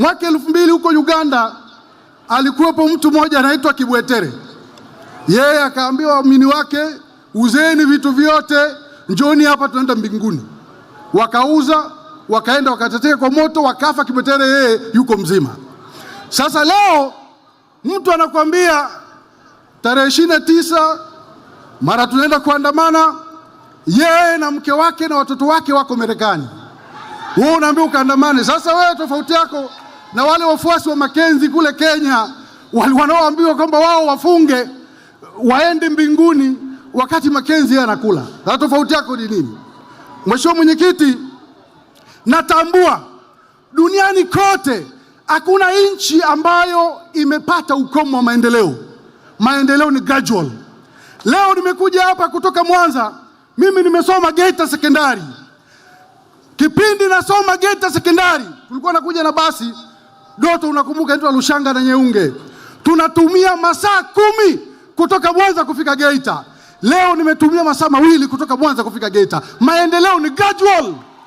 Mwaka elfu mbili huko Uganda alikuwepo mtu mmoja anaitwa Kibwetere. Yeye akaambiwa waumini wake, uzeni vitu vyote, njoni hapa, tunaenda mbinguni. Wakauza, wakaenda, wakatetea kwa moto, wakafa. Kibwetere yeye yuko mzima. Sasa leo mtu anakuambia tarehe ishirini na tisa mara tunaenda kuandamana, yeye na mke wake na watoto wake wako Marekani, wewe unaambia ukaandamane. Sasa wewe tofauti yako na wale wafuasi wa Makenzi kule Kenya wanaoambiwa kwamba wao wafunge waende mbinguni wakati Makenzi yeye anakula. Na tofauti yako ni nini? Mheshimiwa Mwenyekiti, natambua duniani kote hakuna nchi ambayo imepata ukomo wa maendeleo. Maendeleo ni gradual. Leo nimekuja hapa kutoka Mwanza. Mimi nimesoma Geita sekondari. Kipindi nasoma Geita sekondari, tulikuwa nakuja na basi Doto, unakumbuka inaitwa Lushanga na Nyeunge, tunatumia masaa kumi kutoka Mwanza kufika Geita. Leo nimetumia masaa mawili kutoka Mwanza kufika Geita. Maendeleo ni gradual.